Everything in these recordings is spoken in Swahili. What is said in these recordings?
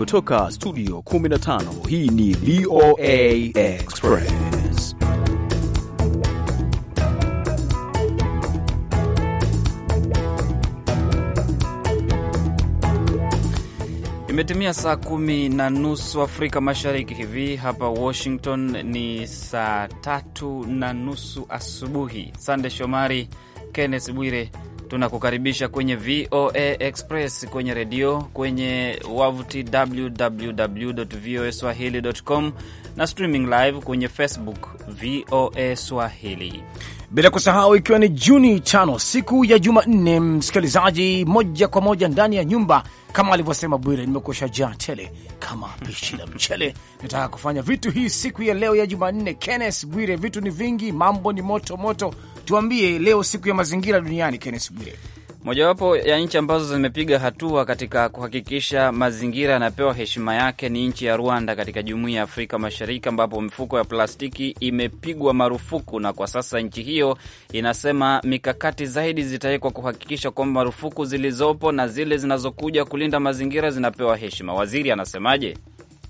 kutoka studio 15 hii ni VOA Express. Imetimia saa kumi na nusu Afrika Mashariki hivi, hapa Washington ni saa tatu na nusu asubuhi. Sande Shomari, Kenneth Bwire Tunakukaribisha kwenye VOA Express kwenye redio, kwenye wavuti www voa swahili.com na streaming live kwenye Facebook VOA Swahili, bila kusahau, ikiwa ni Juni tano, siku ya Jumanne, msikilizaji, moja kwa moja ndani ya nyumba kama alivyosema Bwire, nimekusha jaa tele kama pishi la mchele. Nataka kufanya vitu hii siku ya leo ya Jumanne. Kennes Bwire, vitu ni vingi, mambo ni moto moto tuambie leo siku ya mazingira duniani, Kennes Bwire. Mojawapo ya nchi ambazo zimepiga hatua katika kuhakikisha mazingira yanapewa heshima yake ni nchi ya Rwanda katika jumuiya ya Afrika Mashariki, ambapo mifuko ya plastiki imepigwa marufuku, na kwa sasa nchi hiyo inasema mikakati zaidi zitawekwa kuhakikisha kwamba marufuku zilizopo na zile zinazokuja kulinda mazingira zinapewa heshima. Waziri anasemaje?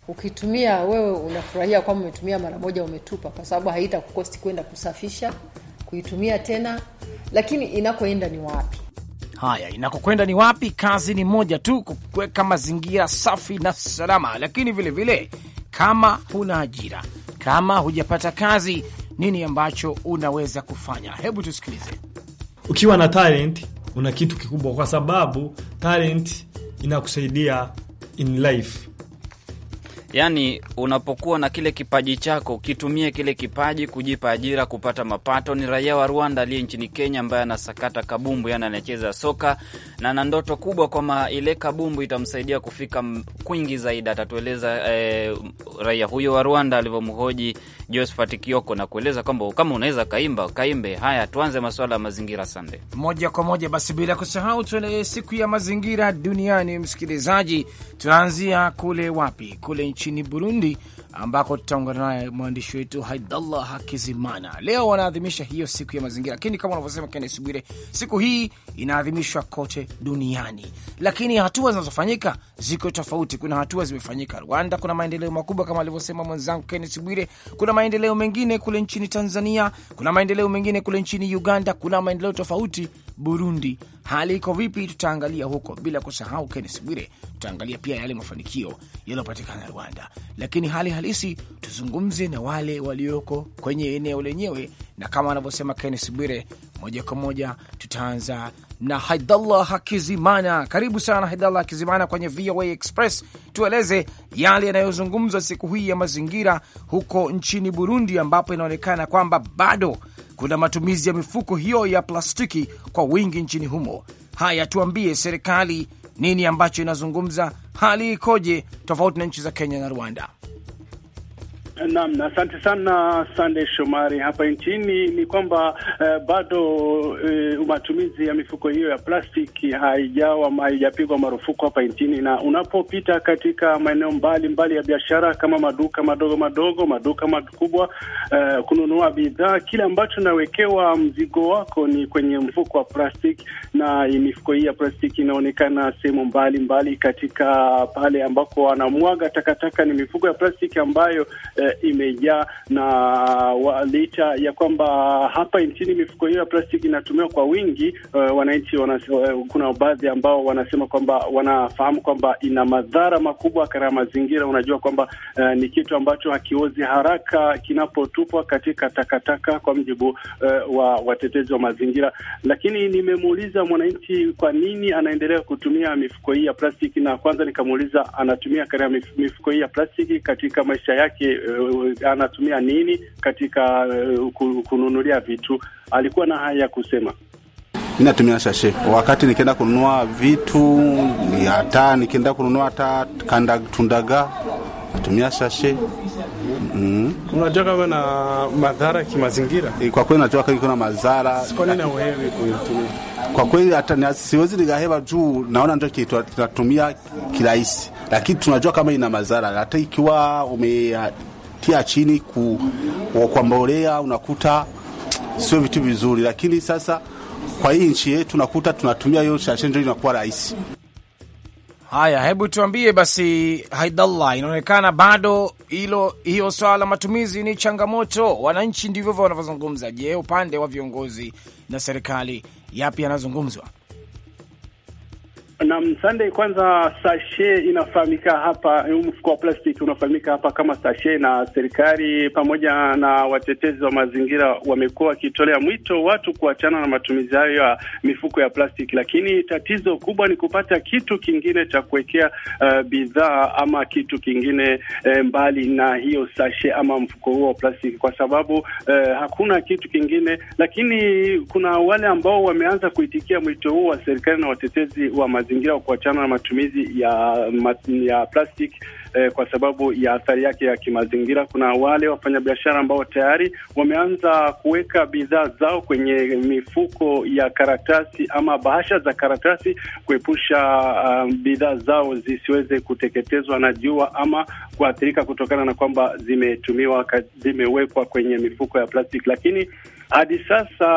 Ukitumia wewe unafurahia kwamba umetumia mara moja, umetupa, kwa sababu haitakukosti kwenda kusafisha kuitumia tena, lakini inakoenda ni wapi? Haya, inakokwenda ni wapi? Kazi ni moja tu, kuweka mazingira safi na salama. Lakini vilevile vile, kama huna ajira, kama hujapata kazi, nini ambacho unaweza kufanya? Hebu tusikilize. Ukiwa na talent, una kitu kikubwa, kwa sababu talent inakusaidia in life Yaani, unapokuwa na kile kipaji chako kitumie kile kipaji kujipa ajira, kupata mapato. Ni raia wa Rwanda aliye nchini Kenya ambaye anasakata kabumbu, yaani anacheza soka na na ndoto kubwa kwamba ile kabumbu itamsaidia kufika kwingi zaidi. Atatueleza eh, raia huyo wa Rwanda alivyomhoji Josephat Kioko na kueleza kwamba kama unaweza kaimba kaimbe. Haya, tuanze masuala ya mazingira sande, moja kwa moja basi, bila kusahau tuendelee siku ya mazingira duniani. Msikilizaji, tunaanzia kule wapi? Kule nchini Burundi ambako tutaungana naye mwandishi wetu Haidallah Hakizimana. Leo wanaadhimisha hiyo siku ya mazingira, lakini kama unavyosema Kennes Bwire, siku hii inaadhimishwa kote duniani, lakini hatua zinazofanyika ziko tofauti. Kuna hatua zimefanyika Rwanda, kuna maendeleo makubwa kama alivyosema mwenzangu Kennes Bwire. Kuna maendeleo mengine kule nchini Tanzania, kuna maendeleo mengine kule nchini Uganda, kuna maendeleo tofauti Burundi. Hali iko vipi? Tutaangalia huko, bila kusahau Kennes Bwire, tutaangalia pia yale mafanikio yaliyopatikana Rwanda, lakini hali halisi, tuzungumze na wale walioko kwenye eneo lenyewe, na kama anavyosema kennes Bwire, moja kwa moja tutaanza na Haidallah Hakizimana. Karibu sana Haidallah Hakizimana kwenye VOA Express, tueleze yale yanayozungumzwa siku hii ya mazingira huko nchini Burundi, ambapo inaonekana kwamba bado kuna matumizi ya mifuko hiyo ya plastiki kwa wingi nchini humo. Haya, tuambie serikali nini ambacho inazungumza, hali ikoje tofauti na nchi za Kenya na Rwanda? Naam, asante sana Sande Shomari. Hapa nchini ni kwamba eh, bado eh, matumizi ya mifuko hiyo ya plastiki haijawa haijapigwa marufuku hapa nchini, na unapopita katika maeneo mbalimbali ya biashara kama maduka madogo madogo, maduka makubwa, eh, kununua bidhaa, kile ambacho unawekewa mzigo wako ni kwenye mfuko wa plastiki, na mifuko hii ya plastiki inaonekana sehemu mbalimbali katika pale ambako wanamwaga takataka, ni mifuko ya plastiki ambayo eh, imejaa, na licha ya kwamba hapa nchini mifuko hiyo ya plastiki inatumiwa kwa wingi, uh, wananchi uh, kuna baadhi ambao wanasema kwamba wanafahamu kwamba ina madhara makubwa katika mazingira. Unajua kwamba uh, ni kitu ambacho hakiozi haraka kinapotupwa katika takataka, kwa mjibu uh, wa watetezi wa mazingira. Lakini nimemuuliza mwananchi kwa nini anaendelea kutumia mifuko hii ya plastiki, na kwanza nikamuuliza anatumia katika mifuko hii ya plastiki katika maisha yake uh, anatumia nini katika uh, kununulia vitu. Alikuwa na haya ya kusema mimi natumia shashe wakati nikienda kununua vitu, hata nikienda kununua hata kanda tundaga natumia shashe. Mm. Unajua kama na madhara kimazingira? E, kwa kweli najua kama na madhara. Kwa kweli hata siwezi nikahewa juu naona ndio kitu tunatumia kirahisi, lakini tunajua kama ina madhara hata ikiwa ume kutia chini ku, kwa mbolea unakuta sio vitu vizuri, lakini sasa kwa hii nchi yetu nakuta tunatumia hiyo shashenjo inakuwa rahisi. Haya, hebu tuambie basi, Haidallah, inaonekana bado hilo hiyo swala la matumizi ni changamoto, wananchi ndivyo wanavyozungumza. Je, upande wa viongozi na serikali, yapi yanazungumzwa? Na Sunday, kwanza sashe inafahamika hapa, mfuko wa plastiki unafahamika hapa kama sashe, na serikali pamoja na watetezi wa mazingira wamekuwa wakitolea mwito watu kuachana na matumizi hayo ya mifuko ya plastiki, lakini tatizo kubwa ni kupata kitu kingine cha kuwekea uh, bidhaa ama kitu kingine eh, mbali na hiyo sashe ama mfuko huo wa plastiki, kwa sababu eh, hakuna kitu kingine. Lakini kuna wale ambao wameanza kuitikia mwito huo wa serikali na watetezi wa mazingira mazingira kwa kuachana na matumizi ya, ya plastic eh, kwa sababu ya athari yake ya kimazingira. Kuna wale wafanyabiashara ambao tayari wameanza kuweka bidhaa zao kwenye mifuko ya karatasi ama bahasha za karatasi kuepusha uh, bidhaa zao zisiweze kuteketezwa na jua ama kuathirika kutokana na kwamba zimetumiwa zimewekwa kwenye mifuko ya plastic, lakini hadi sasa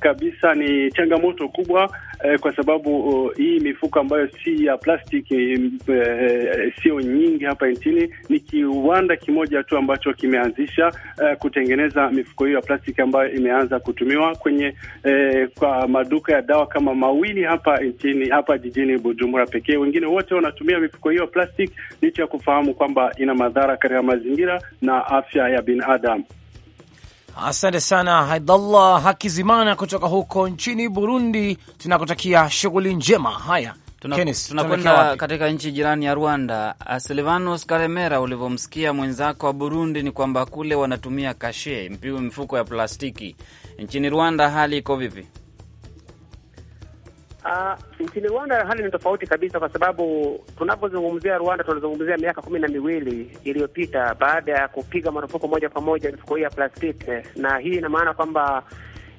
kabisa ni changamoto kubwa eh, kwa sababu uh, hii mifuko ambayo si ya plastiki eh, eh, sio nyingi hapa nchini. Ni kiwanda kimoja tu ambacho kimeanzisha eh, kutengeneza mifuko hiyo ya plastiki ambayo imeanza kutumiwa kwenye eh, kwa maduka ya dawa kama mawili hapa nchini, hapa jijini Bujumbura pekee. Wengine wote wanatumia mifuko hiyo ya plastiki licha ya kufahamu kwamba ina madhara katika mazingira na afya ya binadamu. Asante sana Haidallah Hakizimana kutoka huko nchini Burundi, tunakutakia shughuli njema. Haya, tunakwenda katika nchi jirani ya Rwanda. Ah, Silvanos Karemera, ulivyomsikia mwenzako wa Burundi, ni kwamba kule wanatumia kashe mpiwe mifuko ya plastiki. Nchini Rwanda hali iko vipi? Ah, nchini uh, Rwanda hali ni tofauti kabisa, kwa sababu tunapozungumzia Rwanda tunazungumzia miaka kumi na miwili iliyopita, baada ya kupiga marufuku moja kwa moja mifuko hii ya plastiki, na hii ina maana kwamba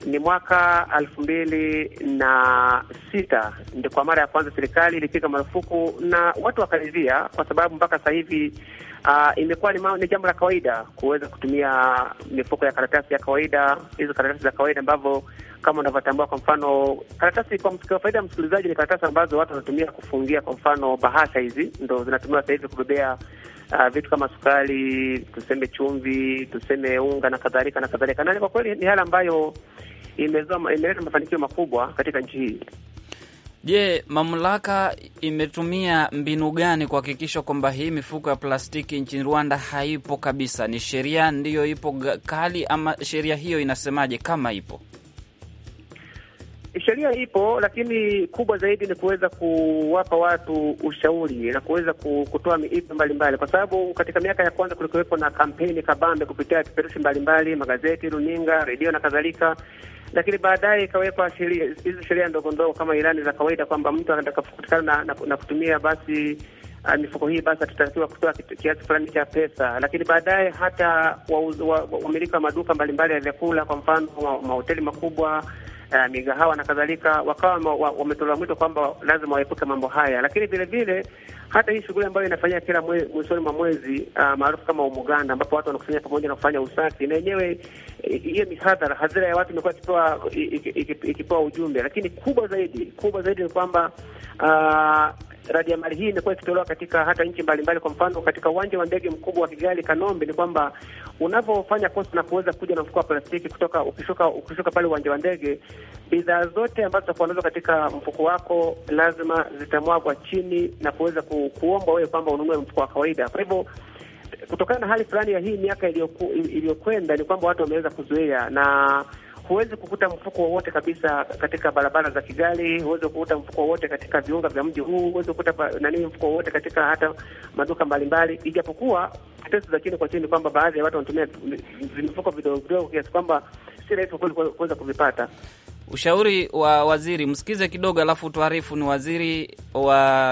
ni mwaka elfu mbili na sita ndi kwa mara ya kwanza serikali ilipiga marufuku na watu wakaridhia, kwa sababu mpaka sasa hivi uh, imekuwa ni, ni jambo la kawaida kuweza kutumia mifuko ya karatasi ya kawaida, hizo karatasi za kawaida ambavyo kama unavyotambua, kwa mfano karatasi, kwa faida ya msikilizaji, ni karatasi ambazo watu wanatumia kufungia, kwa mfano bahasha hizi ndo zinatumiwa sasa hivi kubebea Uh, vitu kama sukari tuseme, chumvi tuseme, unga na kadhalika na kadhalika, na kwa kweli ni hali ambayo imeleta mafanikio makubwa katika nchi hii. Je, mamlaka imetumia mbinu gani kuhakikisha kwamba hii mifuko ya plastiki nchini Rwanda haipo kabisa? Ni sheria ndiyo ipo kali, ama sheria hiyo inasemaje kama ipo? Sheria ipo, lakini kubwa zaidi ni kuweza kuwapa watu ushauri na kuweza kutoa miito mbalimbali, kwa sababu katika miaka ya kwanza kulikuwepo na kampeni kabambe kupitia vipeperushi mbalimbali, magazeti, runinga, redio na kadhalika lakini baadaye ikawekwa hizi sheria ndogo ndogo kama ilani za kawaida kwamba mtu atakapokutikana na, na, na kutumia basi uh, mifuko hii basi atatakiwa kutoa kiasi fulani cha pesa. Lakini baadaye hata wamiliki wa, wa, wa, wa maduka mbalimbali ya vyakula, kwa mfano mahoteli ma makubwa uh, migahawa na kadhalika, wakawa wametolewa mwito kwamba lazima waepuke mambo haya, lakini vile vile hata hii shughuli ambayo inafanyika kila mwishoni mwa mwezi uh, maarufu kama Umuganda, ambapo watu wanakusanya pamoja na kufanya usafi, na yenyewe hiyo mihadhara, hadhira ya watu imekuwa ikipewa ikipewa ujumbe, lakini kubwa zaidi kubwa zaidi ni kwamba uh, radi ya mali hii imekuwa ikitolewa katika hata nchi mbalimbali. Kwa mfano, katika uwanja wa ndege mkubwa wa Kigali Kanombe, ni kwamba unapofanya kosi na kuweza kuja na mfuko wa plastiki kutoka, ukishuka ukishuka pale uwanja wa ndege, bidhaa zote ambazo zitakuwa nazo katika mfuko wako lazima zitamwagwa chini na kuweza ku, kuombwa wewe kwamba ununue mfuko wa kawaida. Kwa hivyo kutokana na hali fulani ya hii miaka iliyokwenda, ni kwamba watu wameweza kuzoea na huwezi kukuta mfuko wowote kabisa katika barabara za Kigali, huwezi kukuta mfuko wowote katika viunga vya mji huu, huwezi kukuta nani mfuko wowote katika hata maduka mbalimbali, ijapokuwa tetesi za chini kwa chini kwamba baadhi ya watu wanatumia vifuko vidogo vidogo kiasi kwamba si rahisi kweli kuweza kuvipata. Ushauri wa waziri msikize kidogo, alafu tuarifu ni waziri wa,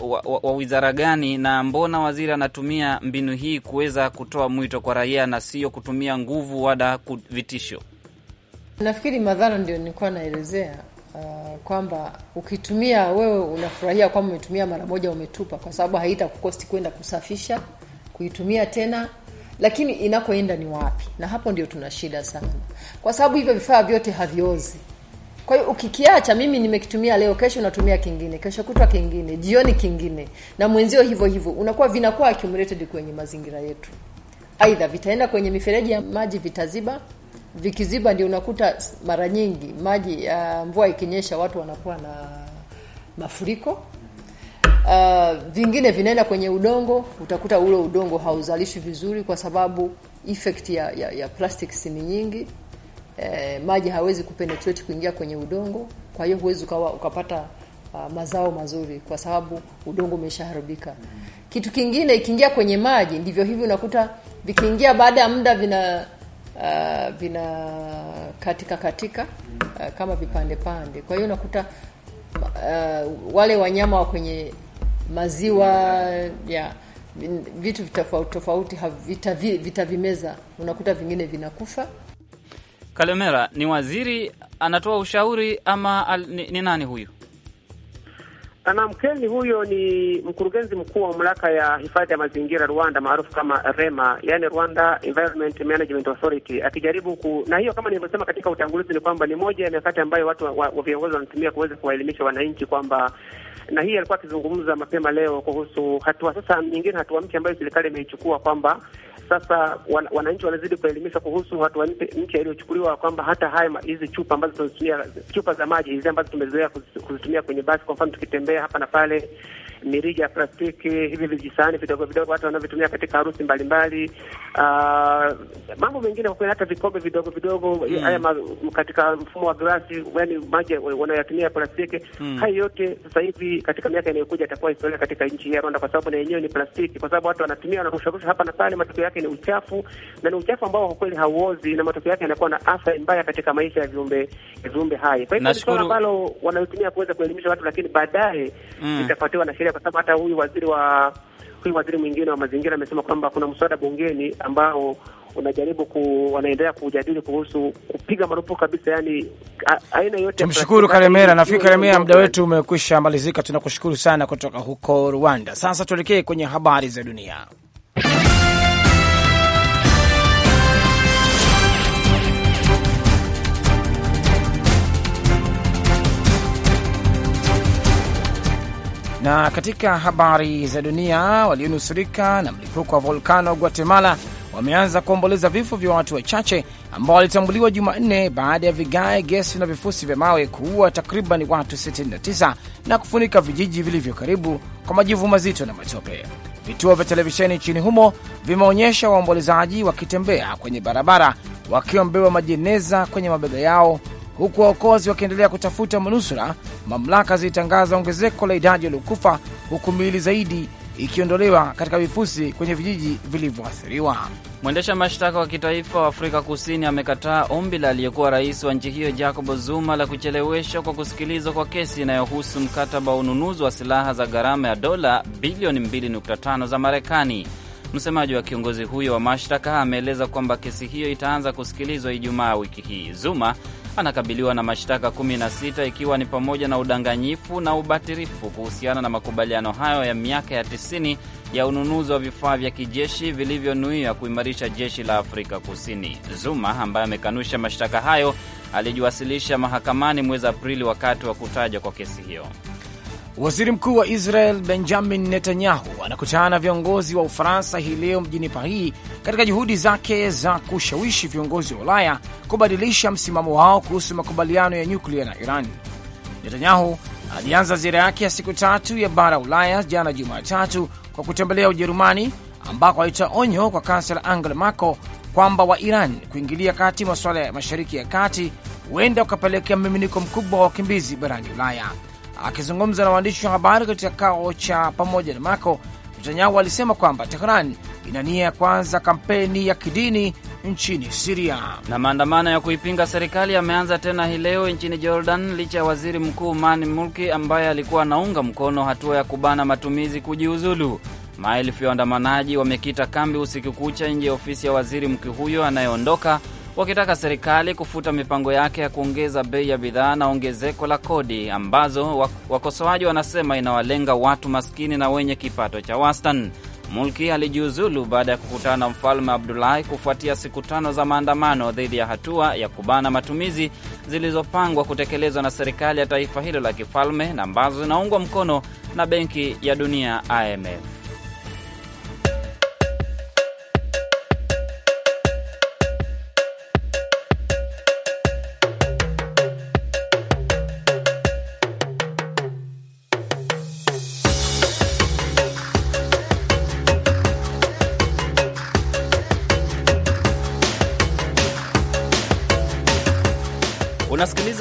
wa, wa, wa wizara gani, na mbona waziri anatumia mbinu hii kuweza kutoa mwito kwa raia na sio kutumia nguvu wada vitisho? Nafikiri madhara ndio nilikuwa naelezea uh, kwamba ukitumia wewe unafurahia kwamba umetumia mara moja umetupa, kwa sababu haita kukosti kwenda kusafisha, kuitumia tena, lakini inakoenda ni wapi? Na hapo ndio tuna shida sana, kwa sababu hivyo vifaa vyote haviozi. Kwa hiyo ukikiacha, mimi nimekitumia leo, kesho natumia kingine, kesho kutwa kingine, jioni kingine, na mwenzio hivyo hivyo, unakuwa vinakuwa accumulated kwenye mazingira yetu. Aidha vitaenda kwenye mifereji ya maji, vitaziba vikiziba ndio unakuta mara nyingi maji uh, mvua ikinyesha watu wanakuwa na mafuriko. Uh, vingine vinaenda kwenye udongo, utakuta ule udongo hauzalishi vizuri kwa sababu effect ya, ya, ya plastics ni nyingi. eh, maji hawezi kupenetrate kuingia kwenye udongo, kwa hiyo huwezi ukawa ukapata uh, mazao mazuri kwa sababu udongo umeshaharibika. Mm-hmm. Kitu kingine ikiingia kwenye maji ndivyo hivi, unakuta vikiingia baada ya muda vina Uh, vina katika katika uh, kama vipande pande. Kwa hiyo unakuta uh, wale wanyama wa kwenye maziwa ya vitu tofauti tofauti vitavimeza, vita unakuta vingine vinakufa. Kalemera, ni waziri anatoa ushauri ama al, ni, ni nani huyu? Naam, Keni huyo ni mkurugenzi mkuu wa mamlaka ya hifadhi ya mazingira Rwanda maarufu kama REMA, yani Rwanda Environment Management Authority, akijaribu ku na hiyo, kama nilivyosema katika utangulizi, ni kwamba ni moja ya mikakati ambayo watu wa, wa viongozi wanatumia kuweza kuwaelimisha wananchi kwamba na hii alikuwa akizungumza mapema leo kuhusu hatua sasa nyingine, hatua mpya ambayo serikali imeichukua kwamba sasa wan, wananchi wanazidi kuelimisha kuhusu hatua mpya iliyochukuliwa kwamba hata haya hizi chupa ambazo tunazitumia, chupa za maji hizi ambazo tumezoea kuzitumia kwenye basi, kwa mfano tukitembea hapa na pale mirija ya plastiki, hivi vijisahani vidogo vidogo hata wanavyotumia katika harusi mbalimbali, uh, mambo mengine kwa kweli, hata vikombe vidogo vidogo hmm. haya mm. katika mfumo wa glasi, yani maji wanayotumia plastiki mm. hayo yote sasa hivi katika miaka inayokuja itakuwa historia katika nchi ya Rwanda, kwa sababu na yenyewe ni plastiki, kwa sababu watu wanatumia wanarusharusha hapa na pale, matokeo yake ni uchafu, na ni uchafu ambao kwa kweli hauozi, na matokeo yake yanakuwa na athari mbaya katika maisha ya viumbe viumbe hai. Kwa hivyo ni swala ambalo wanatumia kuweza kuelimisha watu, lakini baadaye mm. itafuatiwa na sheria kwa sababu hata huyu waziri wa huyu waziri mwingine wa mazingira amesema kwamba kuna mswada bungeni ambao unajaribu ku, wanaendelea kujadili kuhusu kupiga marufuku kabisa, yani aina yote. Tumshukuru Karemera, nafikiri Karemera, muda wetu umekwisha malizika. Tunakushukuru sana kutoka huko Rwanda. Sasa tuelekee kwenye habari za dunia. Na katika habari za dunia, walionusurika na mlipuko wa volkano wa Guatemala wameanza kuomboleza vifo vya watu wachache ambao walitambuliwa Jumanne baada ya vigae, gesi na vifusi vya mawe kuua takriban watu 69 na kufunika vijiji vilivyo karibu kwa majivu mazito na matope. Vituo vya televisheni nchini humo vimeonyesha waombolezaji wakitembea kwenye barabara wakiwa wamebeba majeneza kwenye mabega yao Huku waokozi wakiendelea kutafuta manusura, mamlaka zilitangaza ongezeko la idadi waliokufa, huku miili zaidi ikiondolewa katika vifusi kwenye vijiji vilivyoathiriwa. Mwendesha mashtaka wa kitaifa wa Afrika Kusini amekataa ombi la aliyekuwa rais wa nchi hiyo Jacob Zuma la kucheleweshwa kwa kusikilizwa kwa kesi inayohusu mkataba wa ununuzi wa silaha za gharama ya dola bilioni 2.5 za Marekani. Msemaji wa kiongozi huyo wa mashtaka ameeleza kwamba kesi hiyo itaanza kusikilizwa Ijumaa wiki hii. Zuma anakabiliwa na mashtaka 16 ikiwa ni pamoja na udanganyifu na ubatirifu kuhusiana na makubaliano hayo ya miaka ya 90 ya ununuzi wa vifaa vya kijeshi vilivyonuia kuimarisha jeshi la Afrika Kusini. Zuma ambaye amekanusha mashtaka hayo alijiwasilisha mahakamani mwezi Aprili wakati wa kutajwa kwa kesi hiyo. Waziri mkuu wa Israel Benjamin Netanyahu anakutana na viongozi wa Ufaransa hii leo mjini Paris katika juhudi zake za kushawishi viongozi wa Ulaya kubadilisha msimamo wao kuhusu makubaliano ya nyuklia na Iran. Netanyahu alianza ziara yake ya siku tatu ya bara Ulaya jana Jumatatu kwa kutembelea Ujerumani, ambako alitoa onyo kwa kansela Angela Merkel kwamba wa Iran kuingilia kati masuala ya mashariki ya kati huenda ukapelekea mmiminiko mkubwa wa wakimbizi barani Ulaya. Akizungumza na waandishi wa habari katika kikao cha pamoja na Mako, Netanyahu alisema kwamba Tehran ina nia ya kuanza kampeni ya kidini nchini Siria. Na maandamano ya kuipinga serikali yameanza tena hii leo nchini Jordan licha ya waziri mkuu Mani Mulki ambaye alikuwa anaunga mkono hatua ya kubana matumizi kujiuzulu. Maelfu ya waandamanaji wamekita kambi usiku kucha nje ya ofisi ya waziri mkuu huyo anayeondoka wakitaka serikali kufuta mipango yake ya kuongeza bei ya bidhaa na ongezeko la kodi ambazo wakosoaji wanasema inawalenga watu maskini na wenye kipato cha wastani. Mulki alijiuzulu baada ya kukutana na mfalme Abdulahi kufuatia siku tano za maandamano dhidi ya hatua ya kubana matumizi zilizopangwa kutekelezwa na serikali ya taifa hilo la kifalme na ambazo zinaungwa mkono na Benki ya Dunia, IMF.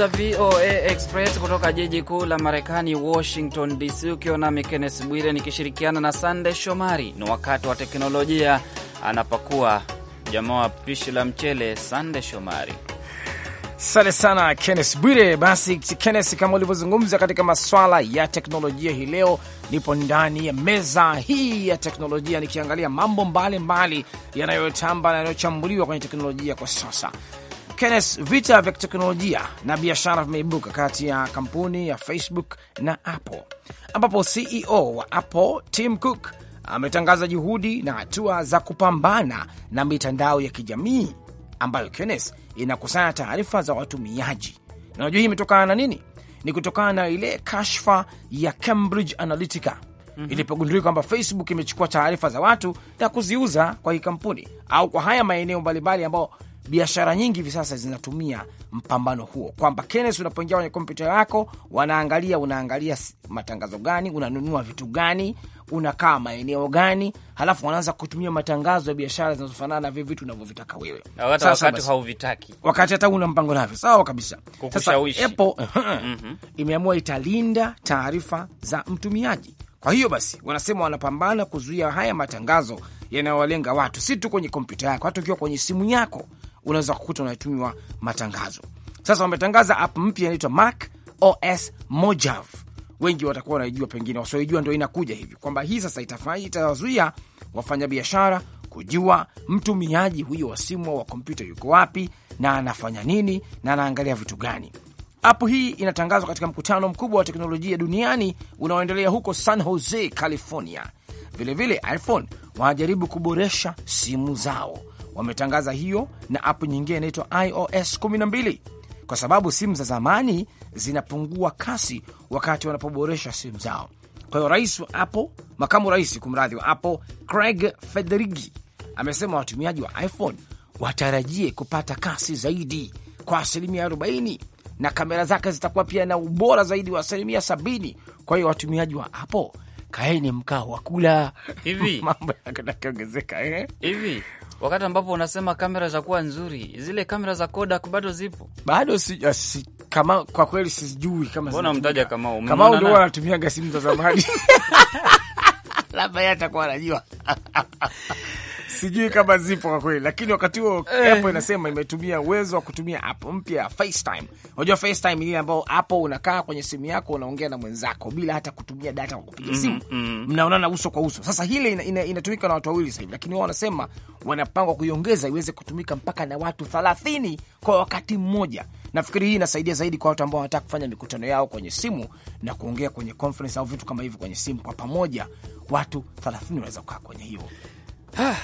kusikiliza VOA Express kutoka jiji kuu la Marekani, Washington DC, ukiwa nami Kennes Bwire nikishirikiana na Sandey Shomari. Ni wakati wa teknolojia, anapakua jamaa wa pishi la mchele. Sandey Shomari. Asante sana Kennes Bwire. Basi Kennes, kama ulivyozungumza katika maswala ya teknolojia, hii leo nipo ndani ya meza hii ya teknolojia nikiangalia mambo mbalimbali yanayotamba na yanayochambuliwa kwenye teknolojia kwa sasa. Kenneth, vita vya teknolojia na biashara vimeibuka kati ya kampuni ya Facebook na Apple, ambapo CEO wa Apple Tim Cook ametangaza juhudi na hatua za kupambana na mitandao ya kijamii ambayo Kenneth inakusanya taarifa za watumiaji. Na unajua hii imetokana na nini? Ni kutokana na ile kashfa ya Cambridge Analytica Mm -hmm. Ilipogunduliwa kwamba Facebook imechukua taarifa za watu na kuziuza kwa hii kampuni au kwa haya maeneo mbalimbali ambao biashara nyingi hivi sasa zinatumia mpambano huo, kwamba Kenes, unapoingia kwenye kompyuta yako wanaangalia, unaangalia matangazo gani, unanunua vitu gani, unakaa maeneo gani, halafu wanaanza kutumia matangazo ya biashara zinazofanana na vile vitu unavyovitaka wewe, wakati hauvitaki, wakati hata una mpango navyo. Sawa kabisa. Sasa Apple mhm. imeamua italinda taarifa za mtumiaji. Kwa hiyo basi, wanasema wanapambana kuzuia haya matangazo yanayowalenga watu, si tu kwenye kompyuta yako, hata ukiwa kwenye simu yako unaweza kukuta unatumiwa matangazo. Sasa wametangaza app mpya inaitwa Mac OS Mojav. Wengi watakuwa wanaijua, pengine wasioijua ndo inakuja hivi kwamba hii sasa itafanya itawazuia wafanyabiashara kujua mtumiaji huyo wa simu au wa kompyuta yuko wapi na anafanya nini na anaangalia vitu gani. App hii inatangazwa katika mkutano mkubwa wa teknolojia duniani unaoendelea huko San Jose, California. Vilevile vile iPhone wanajaribu kuboresha simu zao wametangaza hiyo na app nyingine inaitwa iOS 12 kwa sababu simu za zamani zinapungua kasi wakati wanapoboresha simu zao. Kwa hiyo rais wa Apple, makamu rais kumradhi wa Apple Craig Federighi amesema watumiaji wa iPhone watarajie kupata kasi zaidi kwa asilimia 40 na kamera zake zitakuwa pia na ubora zaidi wa asilimia sabini. Kwa hiyo watumiaji wa Apple kaeni mkao wa kula hivi mambo yanaongezeka eh? hivi eh? wakati ambapo unasema kamera za kuwa nzuri, zile kamera za Kodak bado zipo bado si, uh, si, kama, kwa kweli sijui kama mbona mtaja ndio anatumiaga simu za zamani labda yeye atakuwa anajua sijui kama zipo kwa kweli, lakini wakati huo eh. Apple inasema imetumia uwezo wa kutumia app mpya ya FaceTime. Unajua FaceTime ile ambayo Apple unakaa kwenye simu yako unaongea na mwenzako bila hata kutumia data kwa kupiga simu, mm-hmm, mm-hmm. mnaonana uso kwa uso. Sasa hile inatumika ina, ina na watu wawili sasa hivi, lakini wao wanasema wanapangwa kuiongeza iweze kutumika mpaka na watu 30 kwa wakati mmoja. Nafikiri hii inasaidia zaidi kwa watu ambao wanataka kufanya mikutano yao kwenye simu na kuongea kwenye conference au vitu kama hivyo kwenye simu kwa pamoja, watu 30 wanaweza kukaa kwenye hiyo Ah,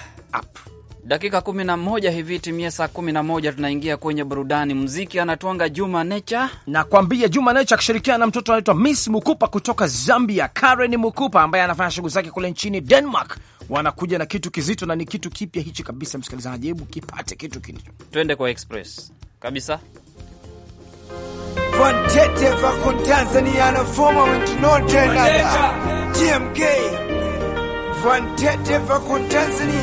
Dakika 11 hivi timia saa 11, tunaingia kwenye burudani mziki anatwanga Juma Nature, nakwambia Juma Necha akishirikiana na mtoto anaitwa Miss Mukupa kutoka Zambia, Karen Mukupa ambaye anafanya shughuli zake kule nchini Denmark. Wanakuja na kitu kizito na ni kitu kipya hichi kabisa. Msikilizaji, hebu kipate kitu kilicho, twende kwa express kabisa Tanzania, Vantete vako Tanzania,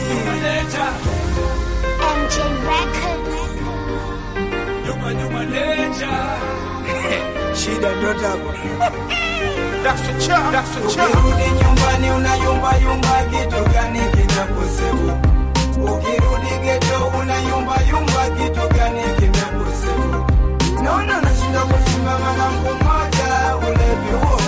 shida ndo tabu. Ukirudi nyumbani unayumba yumba, kitu gani kinakusibu? Ukirudi geto unayumba yumba, kitu gani kinakusibu? Naona nashinda kusimama na mguu ulevi huo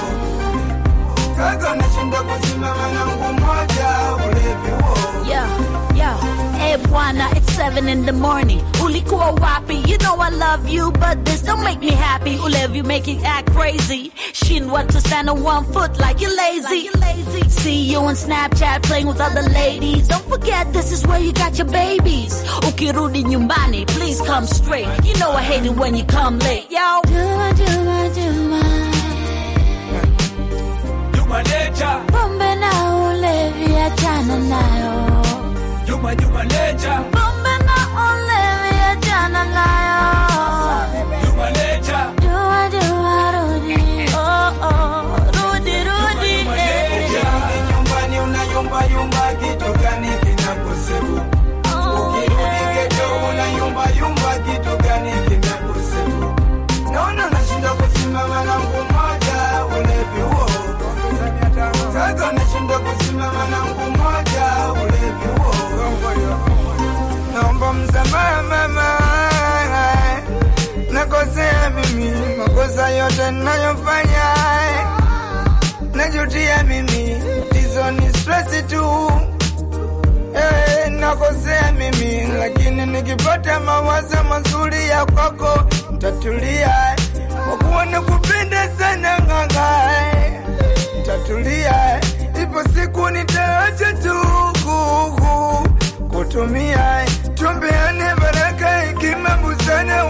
kaga nashinda kuzimama na ngumoja ulevi yeah, yeah. Hey, bwana, it's 7 in the morning. Ulikuwa wapi? You know I love you, but this don't make me happy. Ulev, you make it act crazy. Shin, what to stand on one foot like you're lazy. Like you're lazy. See you on Snapchat playing with other ladies. Don't forget, this is where you got your babies. Ukirudi nyumbani, please come straight. You know I hate it when you come late, yo. Do I, do I, do I. Juma Nature, pombe na ulevi achana nayo. Juma Juma Nature, pombe na ulevi achana nayo. Juma Nature makosa yote ninayofanya, najutia mimi, hizo ni stress tu. Hey, eh, nakosea mimi, lakini nikipata mawazo mazuri ya kwako ntatulia, kwa kuwa nakupenda sana nganga, ntatulia. Ipo siku nitaacha tu kutumia, tuombeane baraka, hekima, busara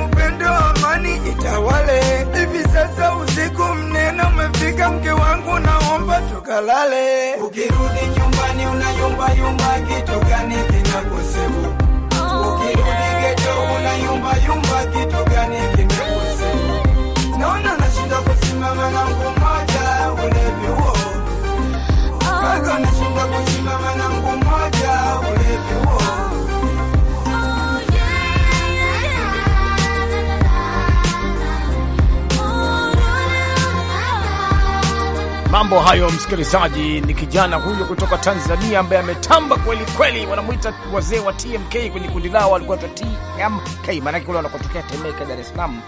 upendo amani itawale. Hivi sasa usiku mnene umefika, mke wangu, naomba tukalale. Ukirudi nyumbani unayumbayumba, kitu gani kinakusibu? Ukirudi geto unayumbayumba, kitu gani kinakusibu? Naona nashinda kusimama na ngumoja, ulevi huo kaka, nashinda kusimama na ngumoja, ulevi huo mambo hayo, msikilizaji, ni kijana huyo kutoka Tanzania ambaye ametamba kweli kweli, wanamwita wazee wa TMK kwenye kundi lao, walikuwa TMK, maanake kule wanakotokea Temeke, Dar es Salaam,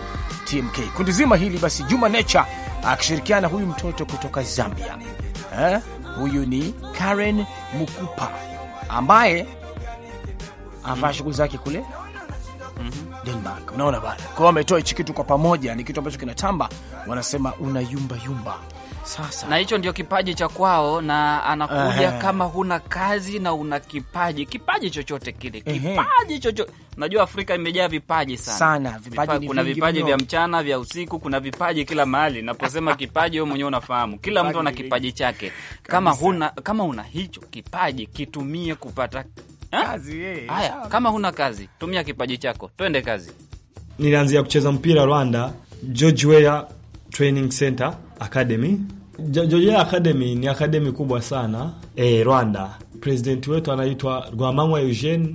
TMK kundi zima hili. Basi Juma Nature akishirikiana huyu mtoto kutoka Zambia eh, huyu ni Karen Mukupa ambaye anafanya shughuli zake kule mhm. Denmark. Unaona bana, kwa ametoa wametoa hichi kitu kwa pamoja, ni kitu ambacho kinatamba, wanasema una yumba yumba sasa. Na hicho ndio kipaji cha kwao, na anakuja Ehe. Kama huna kazi na una kipaji, kipaji chochote kile, kipaji chochote. Najua Afrika imejaa vipaji sana, sana. Vipaji vipaji, kuna vipaji vya mchana, vya usiku, kuna vipaji kila mahali. Naposema kipaji, wewe mwenyewe unafahamu, kila mtu ana kipaji chake. Kama huna, kama una hicho kipaji kitumie kupata eh? kazi. Eh, Haya, kama huna kazi, tumia kipaji chako, twende kazi. Nilianzia kucheza mpira Rwanda, George Weah Training Center Academy Georgia Academy ni akademi kubwa sana e, Rwanda. President wetu anaitwa Rwamanywa Eugene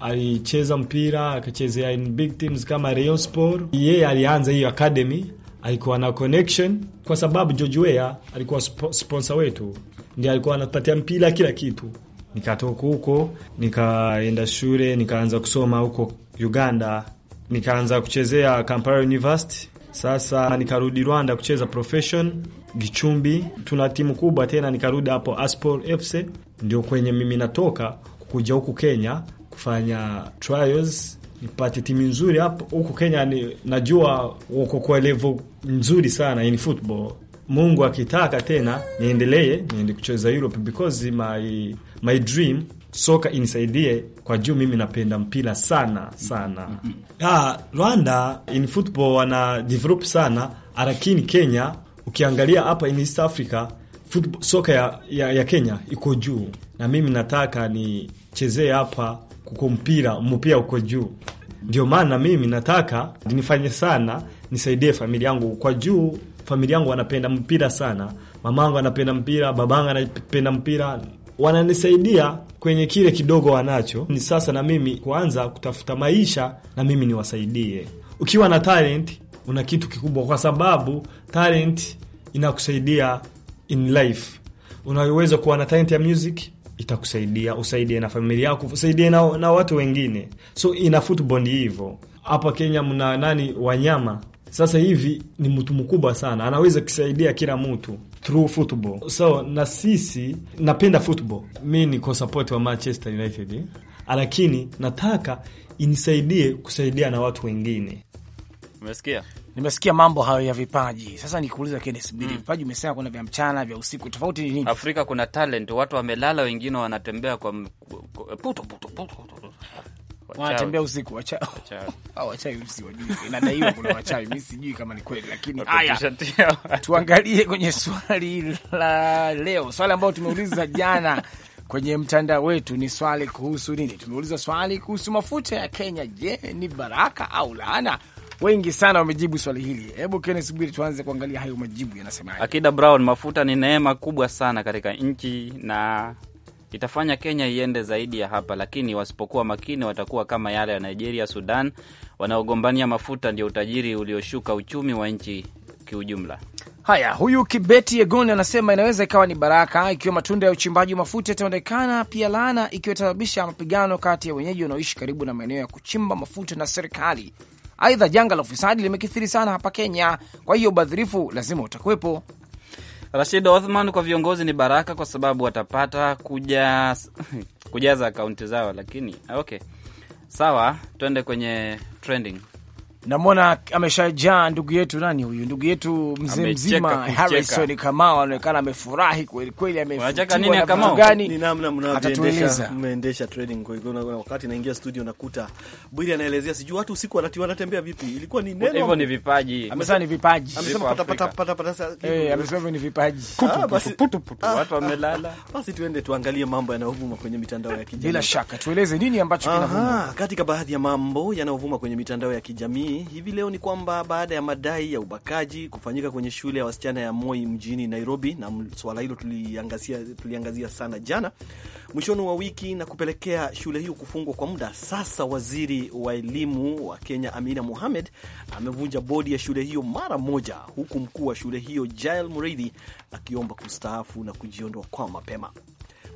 alicheza mpira akachezea in big teams kama Rayon Sport. Yeye alianza hiyo academy, alikuwa na connection kwa sababu George Weah alikuwa sp sponsor wetu, ndiye alikuwa anatupatia mpira kila kitu. Nikatoka huko nikaenda shule nikaanza kusoma huko Uganda, nikaanza kuchezea Kampala University. Sasa nikarudi Rwanda kucheza profession Gichumbi. Tuna timu kubwa tena, nikarudi hapo Aspol FC, ndio kwenye mimi natoka kuja huku Kenya kufanya trials nipate timu nzuri hapo huku Kenya. Ni, najua uko kwa level nzuri sana in football. Mungu akitaka tena niendelee niende kucheza Europe because my, my dream soka inisaidie kwa juu, mimi napenda mpira sana sana. Ha, ah, Rwanda in football wana develop sana, lakini Kenya ukiangalia hapa in East Africa football, soka ya, ya, ya Kenya iko juu, na mimi nataka nichezee hapa kuko mpira mpira uko juu, ndio maana mimi nataka nifanye sana, nisaidie familia yangu kwa juu. Familia yangu wanapenda mpira sana, mamangu anapenda mpira, babangu anapenda mpira, wananisaidia kwenye kile kidogo wanacho. Ni sasa na mimi kuanza kutafuta maisha, na mimi niwasaidie. Ukiwa na talent una kitu kikubwa, kwa sababu talent inakusaidia in life. Unaweza kuwa na talent ya music itakusaidia usaidie na familia yako, usaidie na, na watu wengine. So ina football hivyo. Hapa Kenya mna nani wanyama sasa hivi ni mtu mkubwa sana, anaweza kusaidia kila mtu through football. So na sisi napenda football, mi niko support wa Manchester United, eh. lakini nataka inisaidie kusaidia na watu wengine. Umesikia? Nimesikia mambo hayo ya vipaji. Sasa nikuuliza Kenneth Bili, mm. vipaji umesema kuna vya mchana, vya usiku, tofauti ni nini? Afrika kuna talent, watu wamelala, wengine wanatembea kwa puto puto puto. Wanatembea usiku wachawi. Au wajui, msijui. Inadaiwa kuna wachawi, mimi sijui kama ni kweli, lakini haya. Tuangalie kwenye swali la leo. Swali ambalo tumeuliza jana kwenye mtandao wetu ni swali kuhusu nini? Tumeuliza swali kuhusu mafuta ya Kenya. Je, ni baraka au laana? wengi sana wamejibu swali hili. Hebu Kenes Bwiri, tuanze kuangalia hayo majibu yanasema. Akida Brown, mafuta ni neema kubwa sana katika nchi na itafanya Kenya iende zaidi ya hapa, lakini wasipokuwa makini watakuwa kama yale ya Nigeria, Sudan. Wanaogombania mafuta ndio utajiri ulioshuka uchumi wa nchi kiujumla. Haya, huyu Kibeti Egon anasema inaweza ikawa ni baraka ikiwa matunda ya uchimbaji wa mafuta yataonekana, pia laana ikiwa itasababisha mapigano kati ya wenyeji wanaoishi karibu na maeneo ya kuchimba mafuta na serikali. Aidha, janga la ufisadi limekithiri sana hapa Kenya, kwa hiyo ubadhirifu lazima utakuwepo. Rashid Othman, kwa viongozi ni baraka, kwa sababu watapata kujaza, kujaza akaunti zao. Lakini okay, sawa, tuende kwenye trending namwona ameshajaa ndugu yetu nani huyu ndugu yetu mzee mzima Harrison Kamau anaonekana amefurahi kweli kweli, Ni wakati naingia studio nakuta anaelezea sijui watu usiku wanatembea vipi, ilikuwa ni neno hivyo, ni vipaji. Amesema ni vipaji, amesema pata pata pata pata. ni vipaji, ah, ah, watu wamelala. Ah. Basi tuende tuangalie mambo yanayovuma kwenye mitandao ya kijamii. Bila shaka tueleze nini ambacho kinavuma katika baadhi ya mambo yanayovuma kwenye mitandao ya kijamii jamii hivi leo ni kwamba baada ya madai ya ubakaji kufanyika kwenye shule ya wasichana ya Moi mjini Nairobi, na swala hilo tuliangazia, tuliangazia sana jana mwishoni wa wiki na kupelekea shule hiyo kufungwa kwa muda. Sasa waziri wa elimu wa Kenya Amina Mohamed amevunja bodi ya shule hiyo mara moja, huku mkuu wa shule hiyo Jael Mureithi akiomba kustaafu na kujiondoa kwa mapema.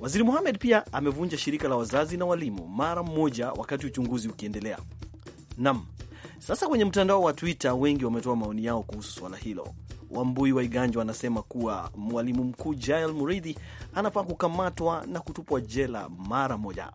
Waziri Mohamed pia amevunja shirika la wazazi na walimu mara moja, wakati uchunguzi ukiendelea. Nam, sasa kwenye mtandao wa Twitter wengi wametoa maoni yao kuhusu swala hilo. Wambui wa Iganjwa anasema kuwa mwalimu mkuu Jael Muridhi anafaa kukamatwa na kutupwa jela mara moja.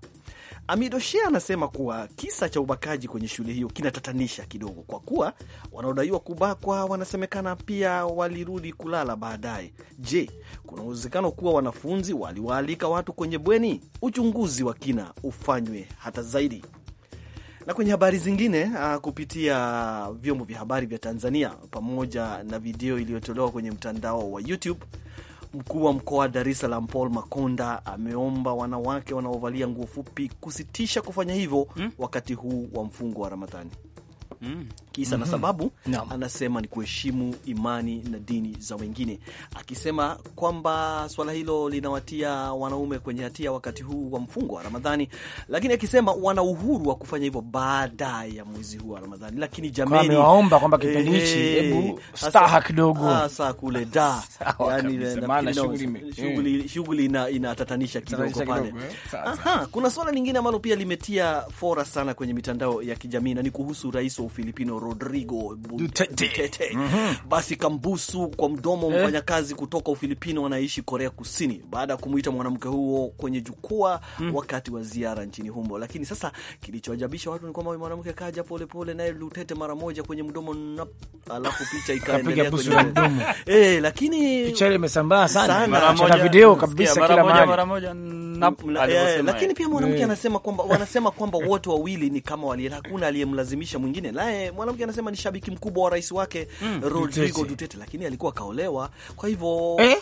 Amidoshe anasema kuwa kisa cha ubakaji kwenye shule hiyo kinatatanisha kidogo, kwa kuwa wanaodaiwa kubakwa wanasemekana pia walirudi kulala baadaye. Je, kuna uwezekano kuwa wanafunzi waliwaalika watu kwenye bweni? Uchunguzi wa kina ufanywe hata zaidi. Na kwenye habari zingine uh, kupitia vyombo vya habari vya Tanzania pamoja na video iliyotolewa kwenye mtandao wa YouTube, mkuu wa mkoa wa Dar es Salaam Paul Makonda ameomba wanawake wanaovalia nguo fupi kusitisha kufanya hivyo mm, wakati huu wa mfungo wa Ramadhani. Mm kisa mm -hmm. na mhm. sababu no. Anasema ni kuheshimu imani na dini za wengine, akisema kwamba swala hilo linawatia wanaume kwenye hatia wakati huu wa mfungo wa Ramadhani, lakini akisema wana uhuru wa kufanya hivyo baada ya mwezi huu wa Ramadhani. Lakini jameni, kwamba kipindi hichi hebu staha kidogo, hasa kule da yani shughuli shughuli eh. inatatanisha kidogo pale. Eh. Aha, kuna swala lingine ambalo pia limetia fora sana kwenye mitandao ya kijamii na ni kuhusu rais wa Ufilipino Rodrigo Duterte. mm -hmm. Basi kambusu kwa mdomo eh, mfanyakazi kutoka Ufilipino anayeishi Korea Kusini baada ya kumwita mwanamke huo kwenye jukwaa mm, wakati wa ziara nchini humo. Lakini sasa kilichoajabisha watu ni kwamba huyu mwanamke kaja polepole naye Duterte mara moja kwenye mdomo na alafu picha ikaendelea kwenye mdomo eh, lakini picha ile imesambaa sana mara moja video kabisa kila mahali mara moja eh, lakini pia mwanamke eh. anasema kwamba wanasema kwamba wote wawili ni kama wali, hakuna aliyemlazimisha mwingine naye mwanamke anasema ni shabiki mkubwa wa rais wake mm, Rodrigo Duterte, lakini alikuwa kaolewa, kwa hivyo eh,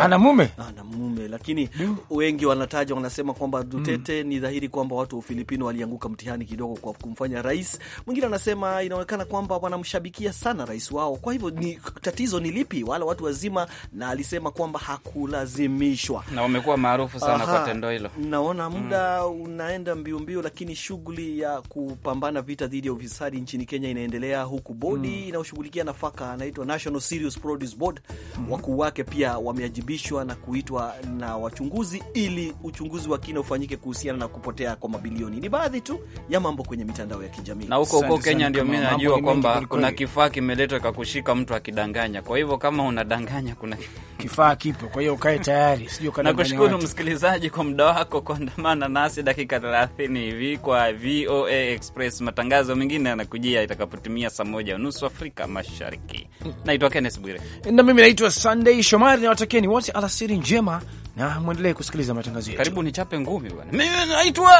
ana mume ah, ana mume, lakini mm, wengi wanataja wanasema kwamba Duterte mm, ni dhahiri kwamba watu wa Ufilipino walianguka mtihani kidogo kwa kumfanya rais mwingine. Anasema inaonekana kwamba wanamshabikia sana rais wao, kwa hivyo ni tatizo ni lipi? Wala watu wazima, na alisema kwamba hakulazimishwa na wamekuwa maarufu sana Aha, kwa tendo hilo. Naona mm. muda mm, unaenda mbio mbio, lakini shughuli ya kupambana vita dhidi ya ufisadi nchini Kenya inaendelea huku bodi mm. inayoshughulikia nafaka anaitwa National Serious Produce Board mm. wakuu wake pia wameajibishwa na kuitwa na wachunguzi ili uchunguzi wa kina ufanyike kuhusiana na kupotea kwa mabilioni. Ni baadhi tu ya mambo kwenye mitandao ya kijamii. Na huko huko Kenya ndio mimi najua kwamba kuna kifaa kimeletwa kakushika mtu akidanganya. Kwa hivyo kama unadanganya, kuna kifaa kipo, kwa hiyo ukae tayari. kana. Nakushukuru msikilizaji kwa muda wako kuandamana nasi dakika 30 hivi kwa VOA Express. Matangazo mengine yanakujia itaka itakapotumia saa moja nusu Afrika Mashariki. Naitwa Kennes Bwire na mimi naitwa sandei Shomari, na ni wote alasiri njema na mwendelee kusikiliza matangazo yetu. Karibu nichape ngumi bwana, mimi naitwa